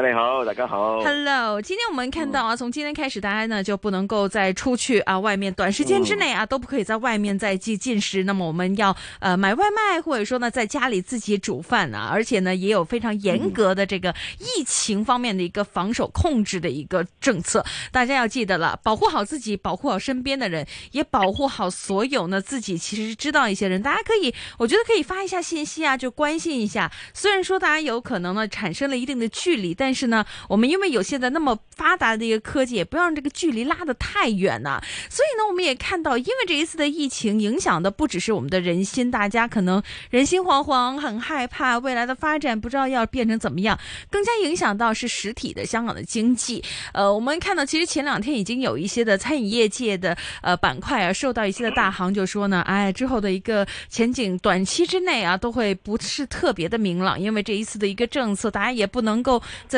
大家好，大家好。Hello，今天我們看到啊，從今天開始，大家呢就不能夠再出去啊，外面短時間之內啊都不可以在外面再進進食、嗯。那麼我們要呃買外賣，或者說呢在家裏自己煮飯啊，而且呢也有非常嚴格的這個疫情方面的一個防守控制的一個政策。大家要記得了，保護好自己，保護好身邊的人，也保護好所有呢自己其實知道一些人，大家可以，我覺得可以發一下信息啊，就關心一下。雖然說大家有可能呢產生了一定的距離，但但是呢，我們因為有現在那麼發達的一個科技，也不要讓這個距離拉得太遠呐啊。所以呢，我們也看到，因為這一次的疫情影響的不只是我們的人心，大家可能人心惶惶，很害怕未來的發展不知道要變成怎麼樣，更加影響到是實體的香港的經濟。呃，我們看到其實前兩天已經有一些的餐飲業界的呃板塊啊，受到一些的大行就說呢，哎，之後的一個前景短期之內啊，都會不是特別的明朗，因為這一次的一個政策，大家也不能夠在。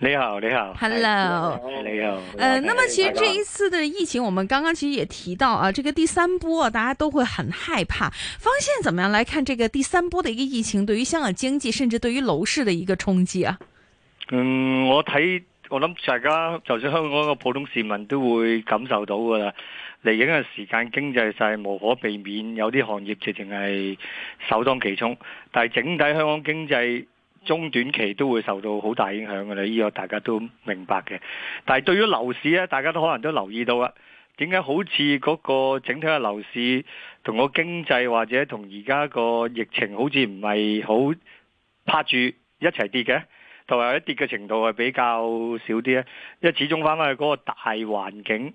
你好，你好。Hello，, hello. 你好。誒、uh,，那麼其實這一次的疫情，我們剛剛其實也提到啊，這個第三波、啊，大家都會很害怕。方生怎麼樣來看？這個第三波的一個疫情，對於香港經濟，甚至對於樓市的一個衝擊啊？嗯，我睇，我諗大家，就算香港個普通市民都會感受到噶啦。嚟緊嘅時間經濟勢無可避免，有啲行業直情係首當其衝，但係整體香港經濟。中短期都會受到好大影響嘅咧，呢個大家都明白嘅。但係對於樓市咧，大家都可能都留意到啊。點解好似嗰個整體嘅樓市同個經濟或者同而家個疫情好似唔係好拍住一齊跌嘅，同埋一跌嘅程度係比較少啲咧。因為始終翻返去嗰個大環境，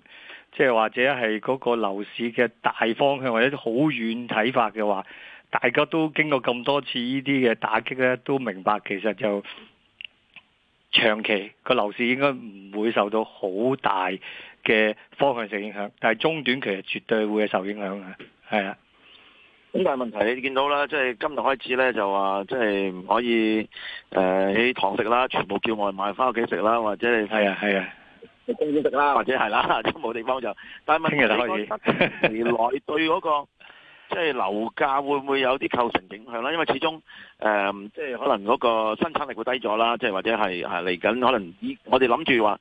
即係或者係嗰個樓市嘅大方向或者好遠睇法嘅話。大家都經過咁多次呢啲嘅打擊咧，都明白其實就長期個樓市應該唔會受到好大嘅方向性影響，但係中短期係絕對會受影響嘅。係啊，咁但係問題你見到啦，即係今日開始咧就話，即係唔可以誒喺堂食啦，全部叫外賣翻屋企食啦，或者係係啊係啊，公司食啦，或者係啦，都冇地方就。但係問題係，其實而來對嗰、那個。 即係樓價會唔會有啲構成影響啦？因為始終誒、呃，即係可能嗰個生產力會低咗啦，即係或者係係嚟緊可能我哋諗住話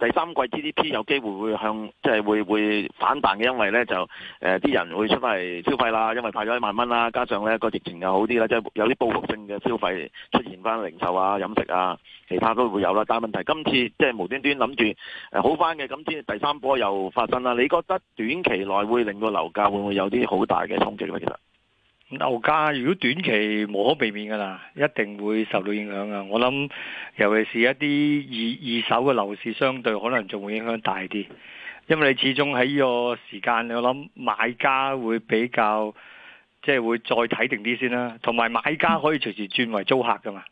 第三季 GDP 有機會會向即係會會反彈嘅，因為咧就啲、呃、人會出翻嚟消費啦，因為派咗一萬蚊啦，加上咧個疫情又好啲啦，即係有啲報復性嘅消費出現翻零售啊、飲食啊，其他都會有啦。但係問題今次即係無端端諗住好翻嘅，咁先第三波又發生啦。你覺得短期內會令個樓價會唔會有啲好大嘅？控制樓價如果短期無可避免噶啦，一定會受到影響噶。我諗，尤其是一啲二二手嘅樓市，相對可能仲會影響大啲，因為你始終喺呢個時間，我諗買家會比較，即係會再睇定啲先啦。同埋買家可以隨時轉為租客噶嘛，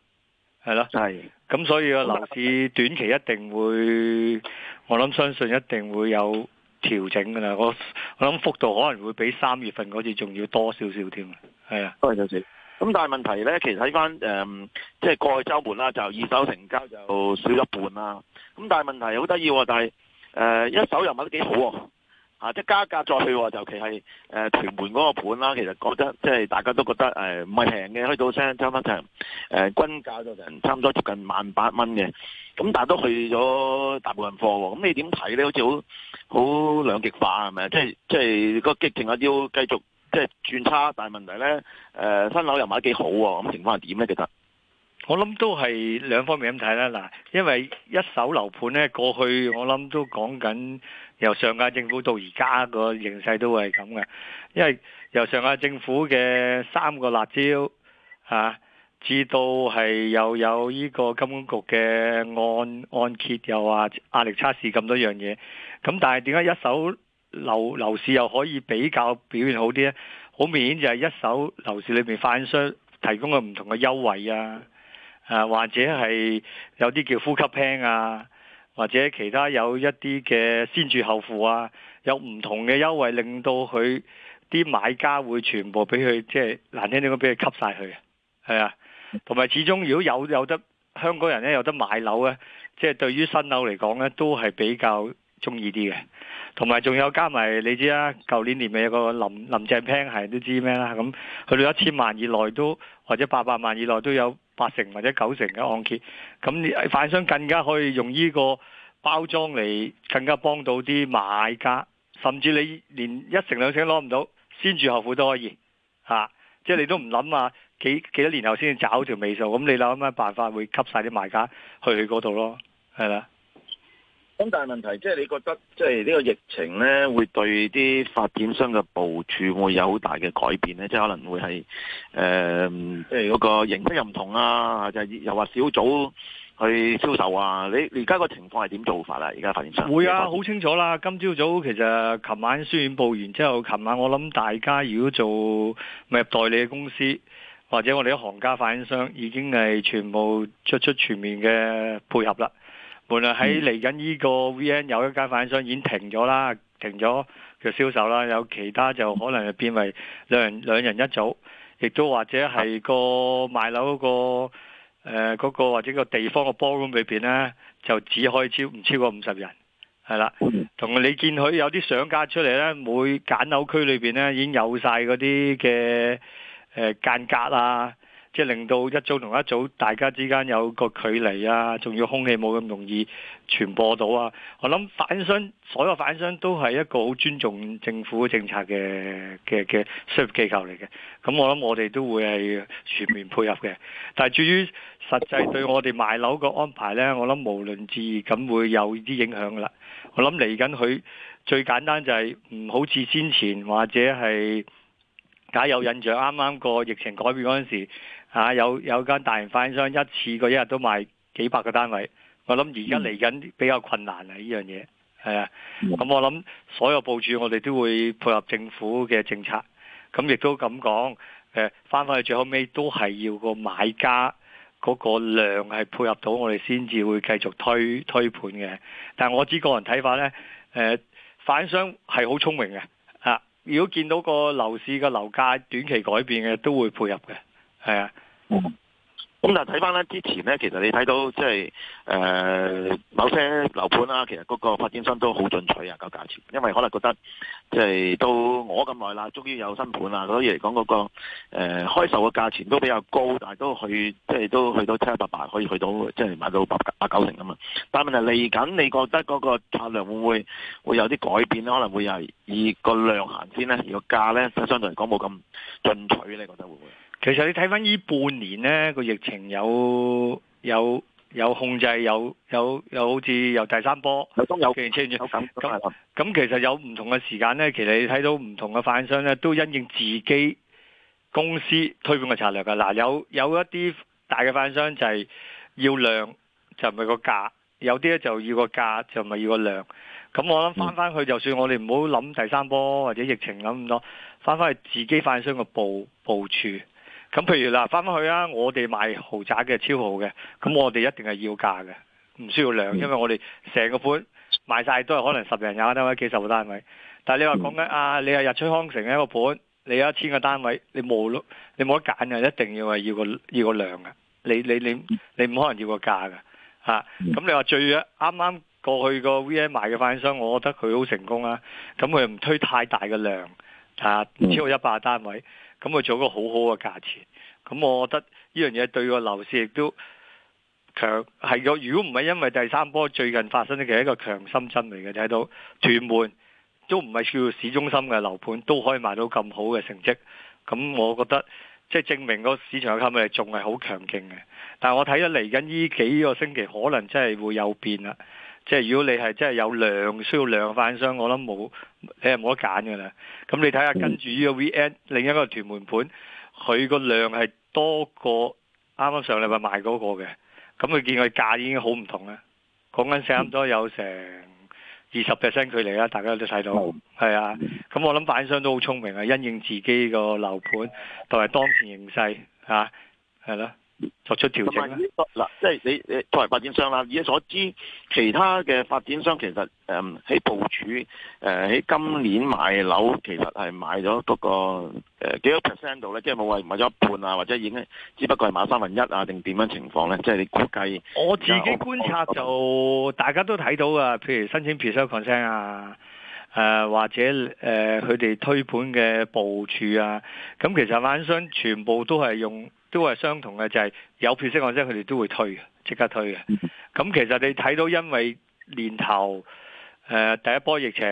係、嗯、咯，係。咁所以個樓市短期一定會，我諗相信一定會有調整㗎啦，我我諗幅度可能會比三月份嗰次仲要多少少添，係啊，多謝主持人。咁但係問題咧，其實睇翻誒，即、嗯、係、就是、過去週末啦，就二手成交就少一半啦。咁但係問題好得意喎，但係誒、呃、一手又賣得幾好喎、啊。啊！即加價再去喎，尤其係誒屯門嗰個盤啦。其實覺得即係大家都覺得誒唔係平嘅，開到聲差唔多、呃、均差唔多誒均價就成差唔多接近萬八蚊嘅。咁但係都去咗大部分貨喎。咁你點睇咧？好似好好兩極化係咪？即係即係、嗰個劇情啊，要繼續即係轉差。但係問題咧誒、呃、新樓又賣得幾好喎？咁情況係點咧？其實我諗都係兩方面咁睇啦。嗱，因為一手樓盤咧，過去我諗都講緊。由上屆政府到而家個形勢都係咁嘅，因為由上屆政府嘅三個辣椒啊至到係又有呢個金管局嘅按按揭又話壓力測試咁多樣嘢，咁但係點解一手樓，樓市又可以比較表現好啲咧？好明顯就係一手樓市裏面發展商提供嘅唔同嘅優惠啊，誒、啊、或者係有啲叫呼吸 Plan 啊。或者其他有一啲嘅先住後付啊，有唔同嘅優惠令到佢啲買家會全部俾佢，即係難聽啲講俾佢吸晒去，係啊。同埋始終如果有有得香港人咧有得買樓咧，即係對於新樓嚟講咧都係比較中意啲嘅。同埋仲有加埋你知啦，舊年年尾有個林林鄭 Plan 係都知咩啦，咁去到一千萬以內都或者八百萬以內都有。八成或者九成嘅按揭，咁你反商更加可以用呢個包裝嚟更加幫到啲買家，甚至你連一成兩成攞唔到，先住後付都可以嚇，即係你都唔諗下，幾幾多年後先至找條尾數，咁你諗咩辦法會吸晒啲買家去你嗰度咯，係啦。咁但係問題，即係你覺得，即係呢個疫情呢，會對啲發展商嘅部署會有好大嘅改變呢？即係可能會係誒，即係嗰個形式又唔同啊，就又話小組去銷售啊？你而家個情況係點做法啊？而家發展商會啊，好清楚啦。今朝早，早其實，琴晚宣布完之後，琴晚我諗大家如果做咩代理嘅公司，或者我哋啲行家發展商，已經係全部作出，出全面嘅配合啦。本、嗯、來喺嚟緊呢個 V N 有一間販商已經停咗啦，停咗嘅銷售啦，有其他就可能變為兩人兩人一組，亦都或者係個賣樓、那個誒嗰、呃那個或者個地方嘅波窿裏邊咧，就只可以超唔超過五十人係啦。同你見佢有啲上架出嚟咧，每揀樓區裏邊咧已經有晒嗰啲嘅誒間隔啦、啊即係令到一組同一組大家之間有個距離啊，仲要空氣冇咁容易傳播到啊！我諗發展商所有發展商都係一個好尊重政府政策嘅嘅嘅商業機構嚟嘅，咁我諗我哋都會係全面配合嘅。但係至於實際對我哋賣樓個安排呢，我諗無論至，咁會有啲影響啦。我諗嚟緊佢最簡單就係唔好似先前或者係大家有印象啱啱個疫情改變嗰陣時。啊！有有間大型發展商一次過一日都賣幾百個單位，我諗而家嚟緊比較困難、嗯、啊！呢樣嘢係啊，咁我諗所有部署我哋都會配合政府嘅政策，咁亦都咁講。誒、啊，翻返去最後尾都係要個買家嗰個量係配合到我哋，先至會繼續推推盤嘅。但係我知個人睇法咧，誒、啊，發展商係好聰明嘅啊！如果見到個樓市嘅樓價短期改變嘅，都會配合嘅。係啊，咁、嗯、但係睇翻咧，之前咧、就是呃啊，其實你睇到即係誒，某些樓盤啦，其實嗰個發展商都好進取啊，個價錢，因為可能覺得即、就、係、是、到我咁耐啦，終於有新盤啦，所以嚟講嗰個誒、呃、開售嘅價錢都比較高，但係都去即係、就是、都去到七七八八，可以去到即係、就是、買到八八九成咁嘛。但係問題嚟緊，你覺得嗰個策略會唔會會有啲改變咧？可能會係以個量行先咧，而個價咧，相對嚟講冇咁進取你覺得會唔會？其實你睇翻呢半年呢個疫情有有有控制，有有有好似有第三波。咁咁 其實有唔同嘅時間呢，其實你睇到唔同嘅發展商呢，都因應自己公司推盤嘅策略噶。嗱、啊，有有一啲大嘅發展商就係要量，就唔係個價；有啲呢，就要個價，就唔係要個量。咁我諗翻翻去，就算我哋唔好諗第三波或者疫情諗咁多，翻翻去自己發展商嘅部部、部署。咁譬如嗱，翻返去啊，我哋賣豪宅嘅超豪嘅，咁我哋一定係要價嘅，唔需要量，因為我哋成個盤賣晒都係可能十零廿單位、幾十個單位。但係你話講緊啊，你係日出康城一個盤，你有一千個單位，你冇咯，你冇得揀啊，一定要係要個要個量噶。你你你你唔可能要個價噶吓。咁你話最啱啱過去個 V I 賣嘅發展商，我覺得佢好成功啊。咁佢唔推太大嘅量吓，唔超過一百個單位。咁佢做一個好好嘅價錢，咁我覺得呢樣嘢對個樓市亦都強係個。如果唔係因為第三波最近發生嘅一個強心針嚟嘅，睇到屯門都唔係需要市中心嘅樓盤都可以賣到咁好嘅成績，咁我覺得即係證明個市場嘅吸引力仲係好強勁嘅。但係我睇咗嚟緊呢幾個星期，可能真係會有變啦。即係如果你係真係有量需要量，反商我諗冇你係冇得揀嘅啦。咁你睇下跟住呢個 VN 另一個屯門盤，佢個量係多過啱啱上禮拜賣嗰個嘅。咁佢見佢價已經好唔同啦，講緊差唔多有成二十 percent 距離啦，大家都睇到，係啊。咁我諗反商都好聰明啊，因應自己個樓盤同埋當前形勢吓，係咯。作出調整嗱，即係你你作為發展商啦，以我所知，其他嘅發展商其實誒喺部署誒喺今年買樓，其實係買咗嗰個誒幾多 percent 度咧？即係冇話買咗一半啊，或者已經只不過係買三分一啊，定點樣情況咧？即係你估計？我自己觀察就大家都睇到啊，譬如申請 percent 啊，誒、啊、或者誒佢哋推盤嘅部署啊，咁其實發展商全部都係用。都係相同嘅，就係、是、有票息或者佢哋都會推嘅，即刻推嘅。咁 其實你睇到，因為年頭誒、呃、第一波疫情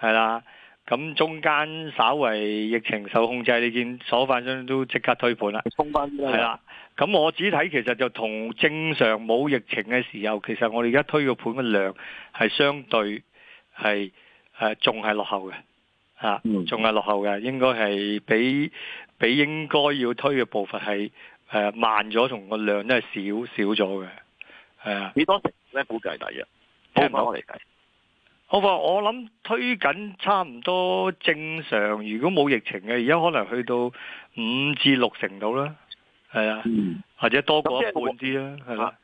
係啦，咁中間稍為疫情受控制，你見所反將都即刻推盤啦，衝翻啲啦。係啦，咁我只睇其實就同正常冇疫情嘅時候，其實我哋而家推個盤嘅量係相對係誒、呃、仲係落後嘅，啊，仲係落後嘅，應該係比。比應該要推嘅步伐係、呃、慢咗，同個量都係少少咗嘅，係啊。幾多成咧？估計第一，從我嚟計好啊。我諗推緊差唔多正常，如果冇疫情嘅，而家可能去到五至六成度啦，係啊、嗯，或者多過一半啲啦，係、嗯、啦。是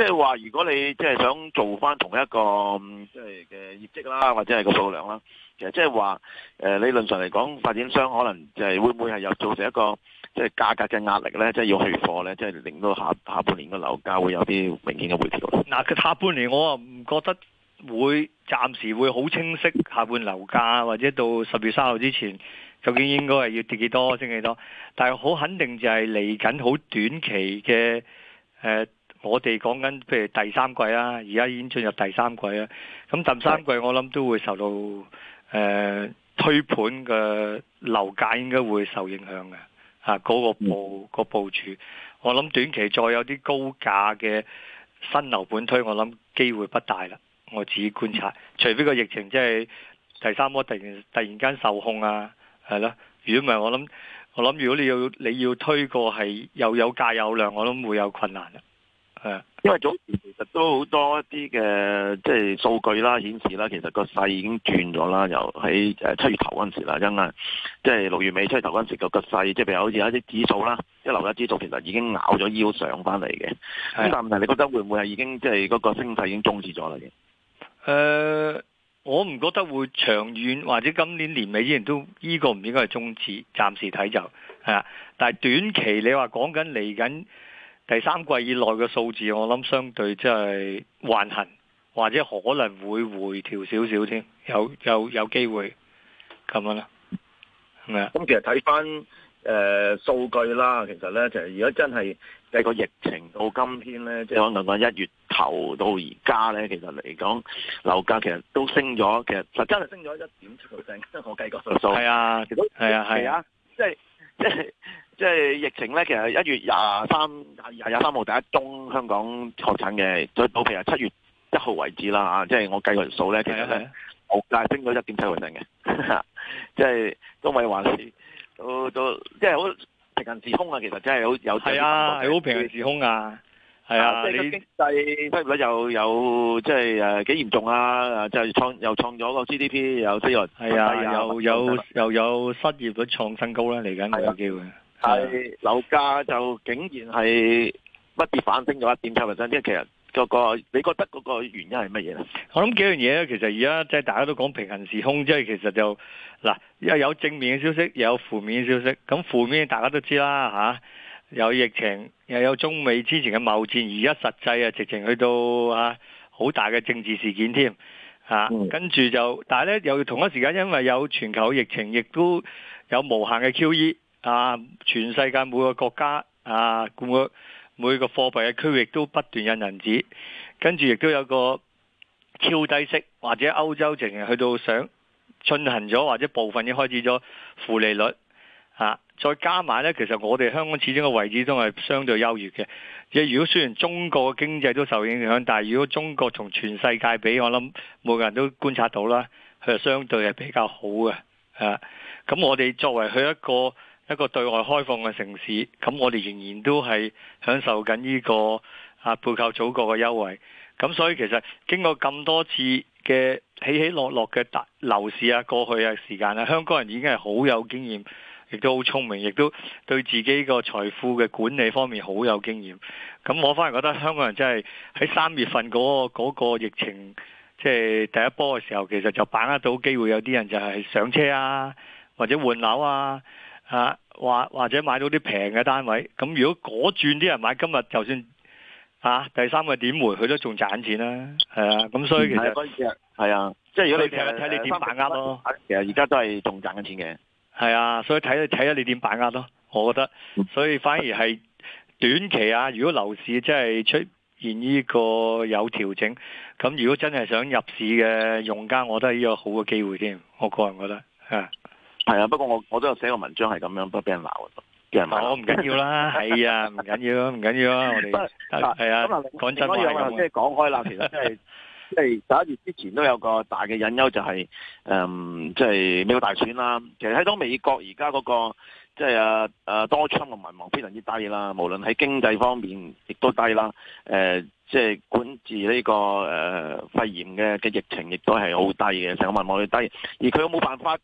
即係話，如果你即係想做翻同一個即係嘅業績啦，或者係個數量啦，其實即係話，誒、呃、理論上嚟講，發展商可能就係會唔會係有造成一個即係、就是、價格嘅壓力咧？即、就、係、是、要去貨咧？即、就、係、是、令到下下半年嘅樓價會有啲明顯嘅回調。嗱，佢下半年我啊唔覺得會暫時會好清晰，下半年樓價或者到十月三號之前，究竟應該係要跌幾多，升幾多？但係好肯定就係嚟緊好短期嘅誒。呃我哋講緊譬如第三季啦、啊，而家已經進入第三季啦。咁第三季我諗都會受到誒、呃、推盤嘅樓價應該會受影響嘅。啊，嗰、嗰個部、嗰個部署，我諗短期再有啲高價嘅新樓盤推，我諗機會不大啦。我自己觀察，除非個疫情即係第三波突然突然間受控啊，係啦。如果唔係，我諗我諗如果你要你要推個係又有，有價有量，我諗會有困難啦。係、啊，因為早前其實都好多一啲嘅即係數據啦，顯示啦，其實個勢已經轉咗啦，由喺誒七月頭嗰陣時啦，因啊，即係六月尾七月頭嗰陣時個個勢，即係譬如好似一啲指數啦，樓價指數，其實已經拗咗腰上翻嚟嘅。咁、啊、但係你覺得會唔會係已經即係嗰個升勢已經終止咗啦？嘅、呃、誒，我唔覺得會長遠或者今年年尾依然都呢、這個唔應該係終止，暫時睇就係啦、啊。但係短期你話講緊嚟緊。第三季以內嘅數字，我諗相對即係橫行，或者可能會回調少少添，有有有機會咁樣啦。係、嗯、啊，咁其實睇翻誒數據啦，其實咧，就如果真係計個疫情到今天咧，即係可能講講一月頭到而家咧，其實嚟講樓價其實都升咗，其實真係升咗一點七 percent，我計過數數。係啊，係啊，係啊，即係即係。就是即係疫情咧，其實一月廿三、廿廿三號第一宗香港確診嘅，所以到譬如七月一號為止啦，吓，即係我計佢數咧，其實係毫大，升咗一點七 percent 嘅，即係都咪話，到到即係好平行時空啊，其實真係好有係啊係好平行時空啊，係啊，你係經濟失業率又有即係誒幾嚴重啊，即係創又創咗個 GDP 又失業係啊，又有又，又，又有失業率創新高咧、啊，嚟緊係有機會。係樓價就竟然係不跌反升咗一點七？即其實嗰、嗰個你覺得嗰個原因係乜嘢咧？我諗幾樣嘢咧，其實而家即係大家都講平行時空，即係其實就嗱，有有正面嘅消息，又有負面嘅消息。咁負面大家都知啦，吓、啊、有疫情，又有中美之前嘅貿戰，而家實際啊，直情去到啊好大嘅政治事件添啊。嗯、跟住就，但係咧又同一時間，因為有全球疫情，亦都有無限嘅 Q E。啊！全世界每個國家啊，每個貨幣嘅區域都不斷印銀紙，跟住亦都有個超低息，或者歐洲直情去到想進行咗，或者部分已經開始咗負利率啊！再加埋咧，其實我哋香港始終嘅位置都係相對優越嘅。即係如果雖然中國嘅經濟都受影響，但係如果中國同全世界比，我諗每個人都觀察到啦，佢係相對係比較好嘅。啊，咁我哋作為佢一個。一個對外開放嘅城市，咁我哋仍然都係享受緊呢個啊背靠祖國嘅優惠。咁所以其實經過咁多次嘅起起落落嘅大樓市啊，過去啊時間啊，香港人已經係好有經驗，亦都好聰明，亦都對自己個財富嘅管理方面好有經驗。咁我反而覺得香港人真係喺三月份嗰個嗰個疫情即係第一波嘅時候，其實就把握到機會，有啲人就係上車啊，或者換樓啊。啊，或或者買到啲平嘅單位，咁如果嗰轉啲人買，今日就算啊，第三個點回佢都仲賺錢啦，係啊，咁、啊、所以其實係啊，即係如果你睇睇你點把握咯、嗯嗯嗯嗯嗯，其實而家都係仲賺緊錢嘅，係啊，所以睇睇下你點把握咯，我覺得，所以反而係短期啊，如果樓市真係出現呢個有調整，咁如果真係想入市嘅用家，我覺得係呢個好嘅機會添，我個人覺得係啊，不過我我都有寫個文章係咁樣，都俾人鬧啊，都俾人鬧。我唔緊要啦，係 啊，唔緊要，要 啊，唔緊要啊，我哋係啊。講真話即係講開啦， 其實即係即係十一月之前都有個大嘅隱憂，就係誒，即係美國大選啦、啊。其實喺當美國而家嗰個即係、就是、啊多倉嘅民望非常之低啦，無論喺經濟方面亦都低啦，誒、呃、即、就、係、是、管治呢、這個誒、呃、肺炎嘅嘅疫情亦都係好低嘅，成個民望都低。而佢有冇辦法。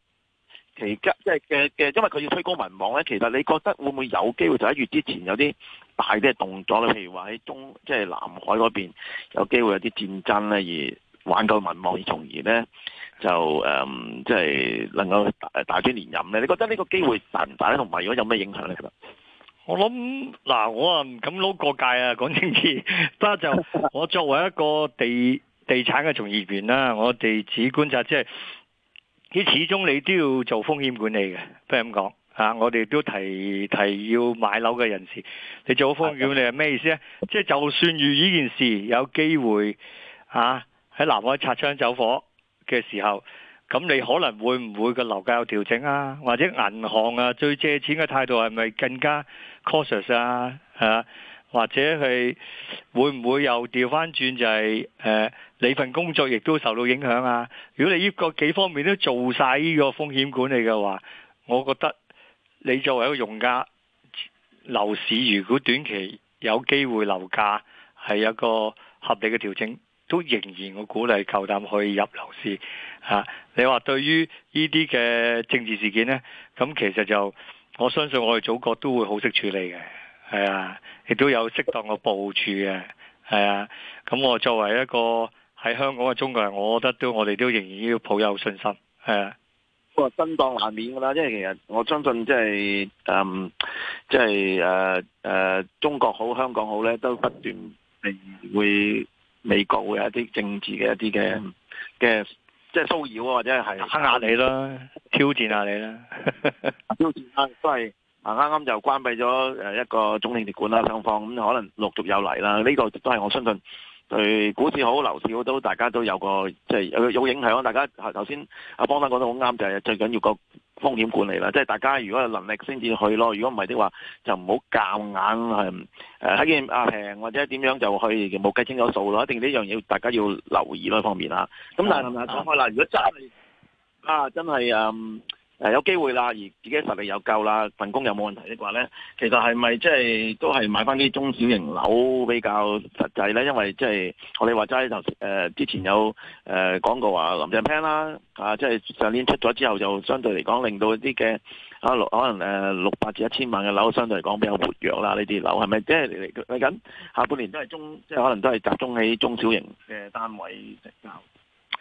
其間即係嘅嘅，因為佢要推高民望咧。其實你覺得會唔會有機會就喺月之前有啲大啲嘅動作咧？譬如話喺中即係南海嗰邊有機會有啲戰爭咧，而挽救民望，而從而咧就誒即係能夠大大啲連任咧。你覺得呢個機會大唔大咧？同埋如果有咩影響咧？我諗嗱，我啊唔敢撈過界啊，講真啲，但係就 我作為一個地地產嘅從業員啦，我哋只觀察即係。始終你都要做風險管理嘅，不如咁講啊！我哋都提提要買樓嘅人士，你做好風險管理係咩意思呢？即係就算遇呢件事有機會啊，喺南海擦槍走火嘅時候，咁你可能會唔會個樓價有調整啊？或者銀行啊，最借錢嘅態度係咪更加 cautious 啊？啊？或者係會唔會又調翻轉就係、是、誒、呃，你份工作亦都受到影響啊？如果你呢個幾方面都做晒呢個風險管理嘅話，我覺得你作為一個用家，樓市如果短期有機會樓價係一個合理嘅調整，都仍然我鼓勵夠膽可以入樓市啊！你話對於呢啲嘅政治事件咧，咁其實就我相信我哋祖國都會好識處理嘅。係啊，亦都有適當嘅部署嘅，係啊。咁我作為一個喺香港嘅中國人，我覺得都我哋都仍然要抱有信心。係啊，不過震盪難免噶啦，因為其實我相信即係嗯，即係誒誒，中國好，香港好咧，都不斷嚟會美國會有一啲政治嘅一啲嘅嘅即係騷擾或者係黑壓你啦，挑戰下你啦，挑戰啊，都係。啱啱就關閉咗一個總領館啦，雙方咁可能陸續有嚟啦。呢、這個都係我相信對股市好、樓市好都大家都有個即係有有影響，大家頭先阿方生講得好啱，就係、是、最緊要個風險管理啦。即係大家如果有能力先至去咯，如果唔係的話，就唔好夾硬係誒睇見阿平或者點樣就去冇計清楚數咯。一定呢樣嘢大家要留意咯，方面啦。咁但係講開啦，如果真係啊，真係嗯。呃、有機會啦，而自己實力又夠啦，份工又冇問題的話咧，其實係咪即係都係買翻啲中小型樓比較實際咧？因為即、就、係、是、我哋話齋頭之前有誒、呃、講過話林鄭 plan 啦，啊即係、就是、上年出咗之後就相對嚟講令到啲嘅啊六可能誒、呃、六百至一千萬嘅樓相對嚟講比較活躍啦，呢啲樓係咪即係嚟緊下半年都係中即係、就是、可能都係集中喺中小型嘅單位成交？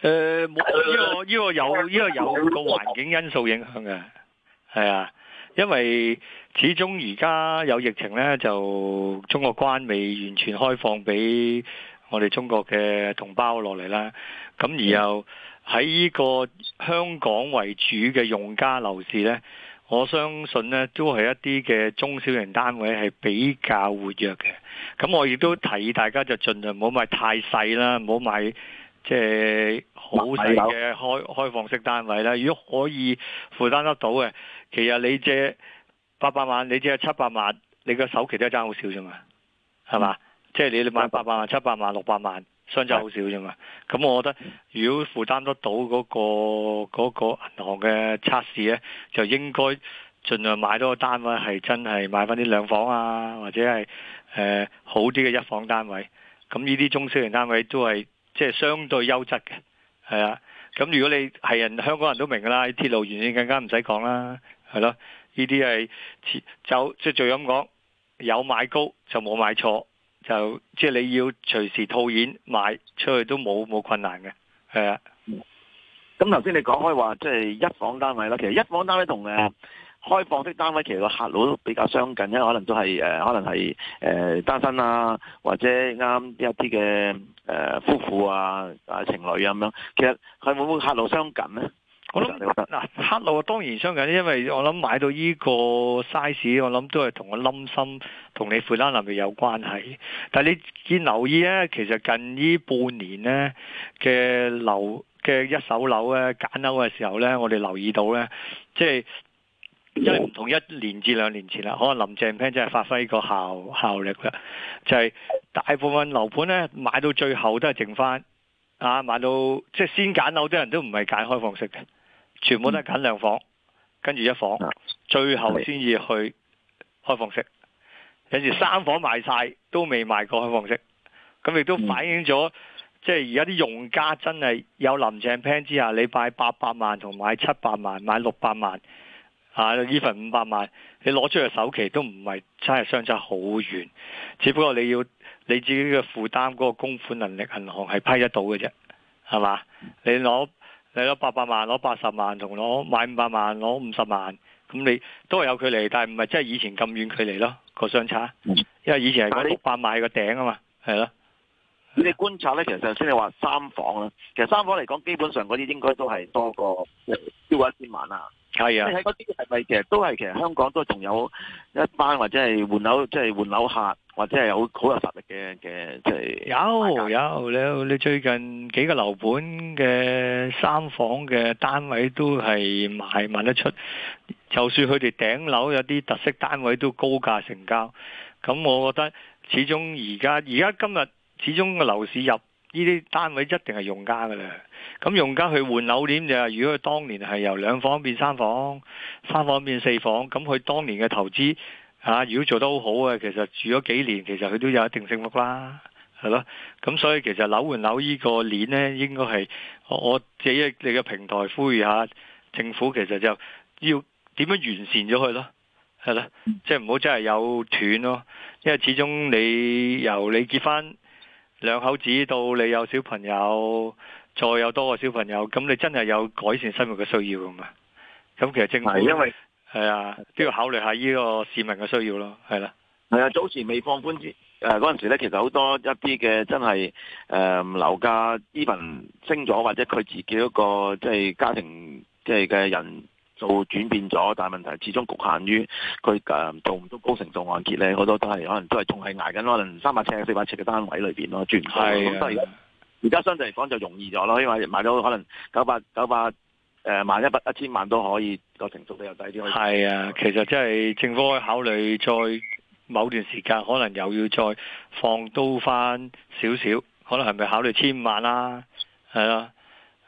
誒、呃，冇、這、呢個呢、這個有呢、這個有個環境因素影響嘅，係啊，因為始終而家有疫情呢，就中國關未完全開放俾我哋中國嘅同胞落嚟啦。咁而又喺呢個香港為主嘅用家樓市呢，我相信呢都係一啲嘅中小型單位係比較活躍嘅。咁我亦都提大家就盡量唔好買太細啦，唔好買。即係好細嘅開開放式單位啦，如果可以負擔得到嘅，其實你借八百萬，你借七百萬，你個首期都係爭好少啫嘛，係嘛？即係你你買八百萬、七百萬、六百萬，相差好少啫嘛。咁我覺得如果負擔得到嗰個嗰個銀行嘅測試咧，就應該盡量買多個單位，係真係買翻啲兩房啊，或者係誒、呃、好啲嘅一房單位。咁呢啲中小型單位都係。即係相對優質嘅，係啊，咁如果你係人香港人都明㗎啦，啲鐵路完全更加唔使講啦，係咯，呢啲係就即係就咁講，有買高就冇買錯，就即係你要隨時套現買出去都冇冇困難嘅，係啊。咁頭先你講開話即係一房單位啦，其實一房單位同誒。嗯開放式單位其實個客路都比較相近，因為可能都係誒、呃，可能係誒、呃、單身啊，或者啱一啲嘅誒夫婦啊、情侶啊情侶咁樣。其實佢會唔會客路相近咧？我諗嗱，客路、呃、當然相近，因為我諗買到依個 size，我諗都係同我冧心同你負擔能力有關係。但係你見留意咧，其實近依半年咧嘅樓嘅一手樓咧揀樓嘅時候咧，我哋留意到咧，即係。因為唔同一年至兩年前啦，可能林鄭 plan 真係發揮個效效力啦，就係、是、大部分樓盤呢買到最後都係剩翻啊，買到即係先揀樓，啲人都唔係揀開放式嘅，全部都係揀兩房，嗯、跟住一房，最後先至去開放式。有、嗯、住三房賣晒，都未賣過開放式，咁亦都反映咗、嗯、即係而家啲用家真係有林鄭 plan 之下，你買八百萬同買七百萬，買六百萬。啊！依份五百萬，你攞出去首期都唔係差係相差好遠，只不過你要你自己嘅負擔嗰個供款能力，銀行係批得到嘅啫，係嘛？你攞你攞八百萬，攞八十萬，同攞買五百萬，攞五十萬，咁你都係有距離，但係唔係即係以前咁遠距離咯？個相差，因為以前係講六百萬係個頂啊嘛，係咯。你哋觀察咧，其實頭先你話三房啦，其實三房嚟講，基本上嗰啲應該都係多過超過一千萬喇。係啊，你睇嗰啲係咪其實都係其實香港都仲有一班或者係換樓即係、即係、換樓客，或者係好好有實力嘅嘅即係有有你有你最近幾個樓盤嘅三房嘅單位都係賣賣得出，就算佢哋頂樓有啲特色單位都高價成交。咁我覺得始終而家而家今日。始終個樓市入呢啲單位一定係用家噶啦，咁用家去換樓鏈就係如果佢當年係由兩房變三房，三房變四房，咁佢當年嘅投資吓、啊，如果做得好好嘅，其實住咗幾年，其實佢都有一定升幅啦，係咯。咁所以其實樓換樓呢個鏈咧，應該係我借你嘅平台呼籲下政府，其實就要點樣完善咗佢咯，係啦，即係唔好真係有斷咯，因為始終你由你結婚。兩口子到你有小朋友，再有多個小朋友，咁你真係有改善生活嘅需要噶嘛？咁其實正係因為係啊，都要考慮下呢個市民嘅需要咯，係啦。係啊，早時未放寬誒嗰陣時咧，其實好多一啲嘅真係誒樓價 even 升咗，或者佢自己一個即係、就是、家庭即係嘅人。做轉變咗，但係問題始終局限於佢、嗯、做唔到高成數按揭咧，好多都係可能都係仲係捱緊可能三百尺、四百尺嘅單位裏面咯，轉唔到，但係而家相對嚟講就容易咗咯，因為買咗可能九百九百誒萬一百、一千萬都可以，個成數啲又低啲。係啊，其實即係政府可以考慮再某段時間可能又要再放多翻少少，可能係咪考慮千五萬啦、啊？係啦，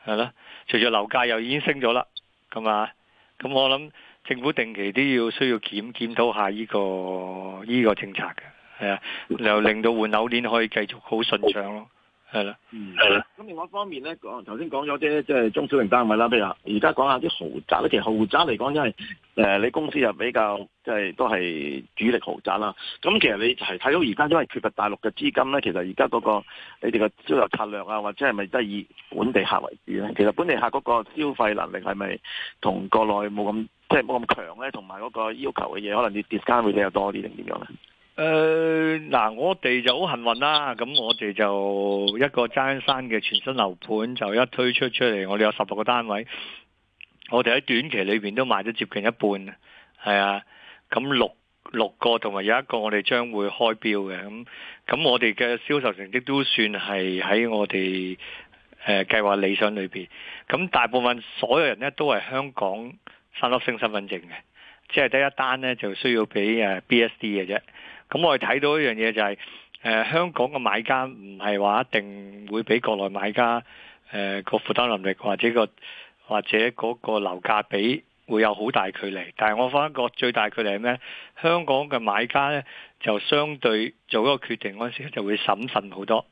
係啦，隨著樓價又已經升咗啦，咁啊～咁、嗯、我諗政府定期都要需要檢檢討下呢個呢個政策嘅，係啊，又令到換樓鏈可以繼續好順暢咯。係啦，嗯，係啦。咁另外一方面咧，講頭先講咗啲即係中小型單位啦，譬如而家講下啲豪宅咧。其實豪宅嚟講，即係，因為誒你公司又比較即係都係主力豪宅啦。咁其實你係睇到而家因為缺乏大陸嘅資金咧，其實而家嗰個你哋嘅銷售策略啊，或者係咪都係以本地客為主咧？其實本地客嗰個消費能力係咪同國內冇咁即係冇咁強咧？同埋嗰個要求嘅嘢，可能你 discount 會比較多啲定點樣咧？誒、呃、嗱，我哋就好幸運啦。咁我哋就一個張山嘅全新樓盤，就一推出出嚟，我哋有十六個單位，我哋喺短期裏面都賣咗接近一半，係啊。咁六六個同埋有一個，我哋將會開標嘅。咁咁，我哋嘅銷售成績都算係喺我哋誒、呃、計劃理想裏面。咁大部分所有人咧都係香港三粒星身份證嘅，即係第一單咧就需要俾 B S D 嘅啫。呃咁我哋睇到一樣嘢就係、是，誒、呃、香港嘅買家唔係話一定會比國內買家誒個、呃、負擔能力或者個或者嗰個樓價比會有好大距離。但係我發覺最大距離係咩？香港嘅買家咧就相對做嗰個決定嗰陣時就會審慎好多，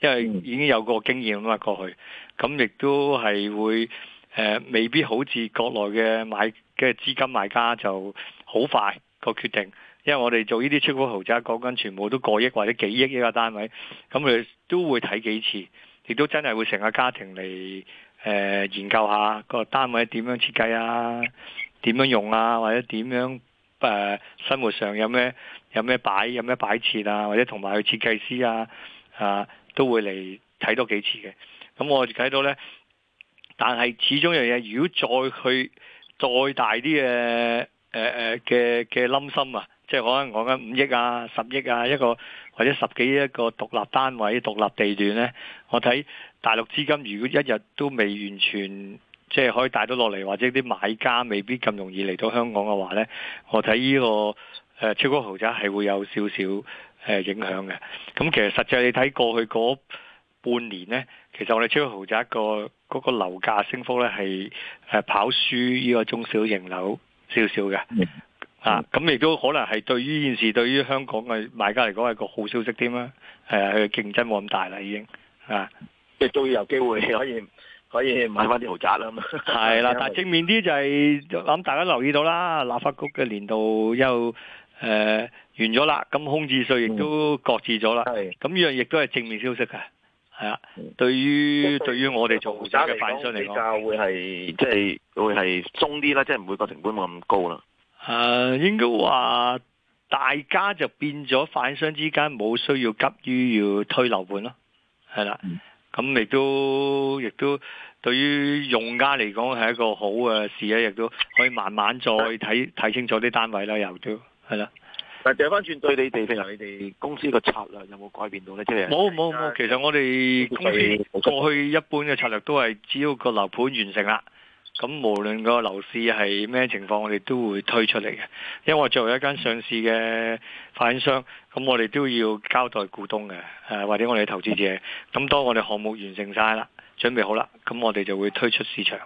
因為已經有個經驗嘛。過去。咁亦都係會誒、呃、未必好似國內嘅買嘅資金買家就好快、嗰個決定。因為我哋做呢啲出口豪宅，講緊全部都過億或者幾億一個單位，咁佢都會睇幾次，亦都真係會成個家庭嚟誒、呃、研究下、這個單位點樣設計啊，點樣用啊，或者點樣誒、呃、生活上有咩有咩擺有咩擺設啊，或者同埋去設計師啊啊、呃、都會嚟睇多幾次嘅。咁我哋睇到咧，但係始終有嘢，如果再去再大啲嘅誒誒嘅嘅冧心啊！即係可能講緊五億啊、十億啊一個或者十幾一個獨立單位、獨立地段呢。我睇大陸資金如果一日都未完全即係可以帶到落嚟，或者啲買家未必咁容易嚟到香港嘅話呢，我睇呢、這個、呃、超高豪宅係會有少少、呃、影響嘅。咁其實實際你睇過去嗰半年呢，其實我哋超高豪宅、嗰個、嗰個樓價升幅呢，係、呃、跑輸呢個中小型樓少少嘅。嗯啊！咁亦都可能係對於呢件事，對於香港嘅買家嚟講係個好消息添啦、啊。佢、啊、競爭冇咁大啦，已經啊，即係終於有機會可以可以買翻啲豪宅啦。嘛。係啦， 但正面啲就係、是、我諗大家留意到啦，立法局嘅年度又誒、呃、完咗啦，咁空置稅亦都擱置咗啦。咁、嗯、呢樣亦都係正面消息嘅。係、嗯、啊，對於、嗯、我哋做豪宅嘅賣商嚟講，豪宅會係即係會係鬆啲啦，即、就、係、是、每個成本冇咁高啦。誒、呃，應該話大家就變咗，反商之間冇需要急於要推樓盤咯。係啦，咁、嗯、亦都亦都對於用家嚟講係一個好嘅事咧，亦都可以慢慢再睇睇清楚啲單位啦，又都係啦。但掉調翻轉對你哋，譬如你哋公司個策略有冇改變到咧？即係冇冇冇，其實我哋公司過去一般嘅策略都係只要個樓盤完成啦。咁無論個樓市係咩情況，我哋都會推出嚟嘅。因為我作為一間上市嘅發展商，咁我哋都要交代股東嘅，誒、啊、或者我哋投資者。咁當我哋項目完成晒啦，準備好啦，咁我哋就會推出市場，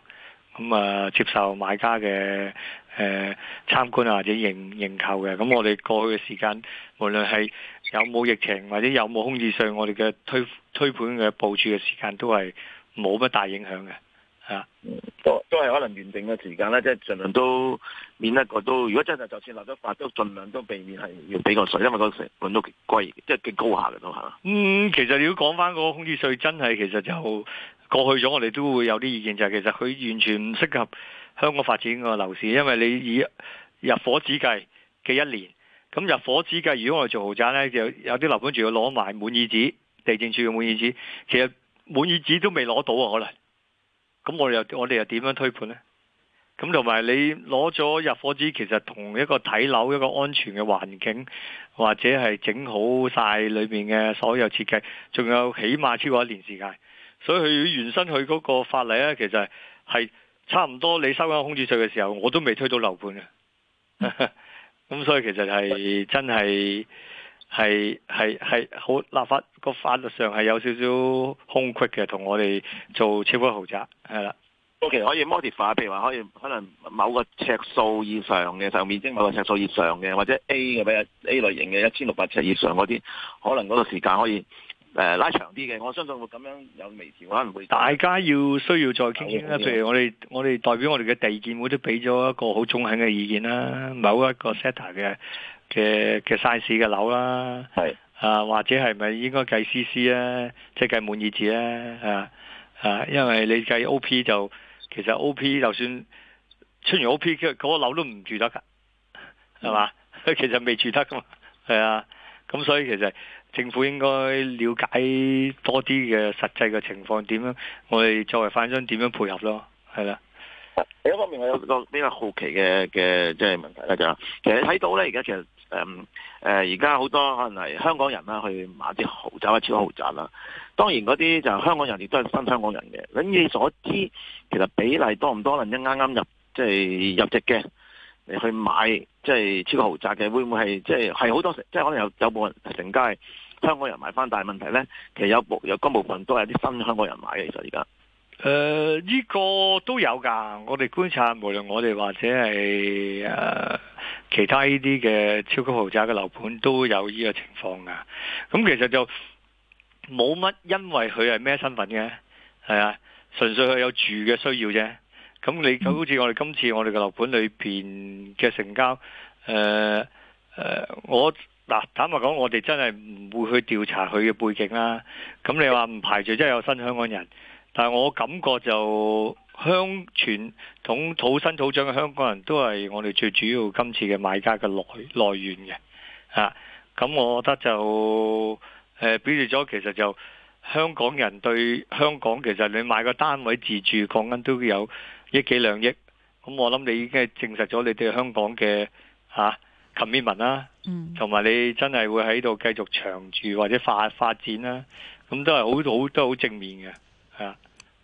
咁啊接受買家嘅誒參觀啊或者認認購嘅。咁我哋過去嘅時間，無論係有冇疫情或者有冇空置稅，我哋嘅推推盤嘅部署嘅時間都係冇乜大影響嘅，啊。都都係可能原定嘅時間咧，即係盡量都免得個都。如果真係就算立咗法都，儘量都避免係要俾個稅，因為個成本都幾貴，即係幾高下嘅都嚇。嗯，其實如果講翻個空置稅，真係其實就過去咗，我哋都會有啲意見就係、是、其實佢完全唔適合香港發展個樓市，因為你以入伙紙計嘅一年，咁入伙紙計如果我哋做豪宅咧，就有啲樓盤仲要攞埋滿意紙，地政處要滿意紙，其實滿意紙都未攞到啊，可能。咁我又我哋又點樣推盤呢？咁同埋你攞咗入伙紙，其實同一個睇樓一個安全嘅環境，或者係整好晒裏面嘅所有設計，仲有起碼超過一年時間。所以佢原身佢嗰個法例呢，其實係差唔多。你收緊空置稅嘅時候，我都未推到樓盤啊。咁 所以其實係真係。係係係，好，立法個法律上係有少少空隙嘅，同我哋做超級豪宅係啦。ok 其實可以 modify，譬如話可以可能某個尺數以上嘅，上面即某個尺數以上嘅，或者 A 嘅，比如 A 類型嘅一千六百尺以上嗰啲，可能嗰個時間可以誒、呃、拉長啲嘅。我相信會咁樣有微調，可能會大家要需要再傾傾啦。譬如我哋我哋代表我哋嘅地建會都俾咗一個好中肯嘅意見啦、嗯。某一個 set 嘅。嘅嘅 size 嘅樓啦、啊，係啊或者係咪應該計 C C 啊，即、就、係、是、計滿意紙啊，啊啊，因為你計 O P 就其實 O P 就算出完 O P 即嗰個樓都唔住得噶，係嘛、嗯？其實未住得噶嘛，係啊，咁所以其實政府應該了解多啲嘅實際嘅情況點樣，我哋作為發展商點樣配合咯，係啦。另一方面，我有個比較好奇嘅嘅即係問題咧，就係、是、其實睇到咧而家其實。誒、嗯、誒，而家好多可能係香港人啦，去買啲豪宅啊，超豪宅啦。當然嗰啲就係香港人亦都係新香港人嘅。咁你所知，其實比例多唔多？能一啱啱入即係、就是、入籍嘅，你去買即係、就是、超豪宅嘅，會唔會係即係係好多？即、就、係、是、可能有有部分成街香港人買翻，但係問題咧，其實有部有一個部分都係啲新香港人買嘅。其實而家。誒、呃、呢、這個都有噶。我哋觀察，無論我哋或者係誒、呃、其他呢啲嘅超級豪宅嘅樓盤，都有呢個情況噶。咁、嗯、其實就冇乜，因為佢係咩身份嘅，係啊，純粹佢有住嘅需要啫。咁、嗯、你就好似我哋今次我哋嘅樓盤裏邊嘅成交，誒、呃、誒、呃，我嗱坦白講，我哋真係唔會去調查佢嘅背景啦。咁、嗯、你話唔排除真係有新香港人。但係我感覺就，香傳統土生土長嘅香港人都係我哋最主要今次嘅買家嘅來來源嘅，咁、啊、我覺得就，誒、呃、表示咗其實就香港人對香港其實你買個單位自住，講緊都有億幾兩億，咁我諗你已經係證實咗你對香港嘅嚇、啊、commitment 啦、啊，嗯，同埋你真係會喺度繼續長住或者發,發展啦、啊，咁都係好好都好正面嘅，啊。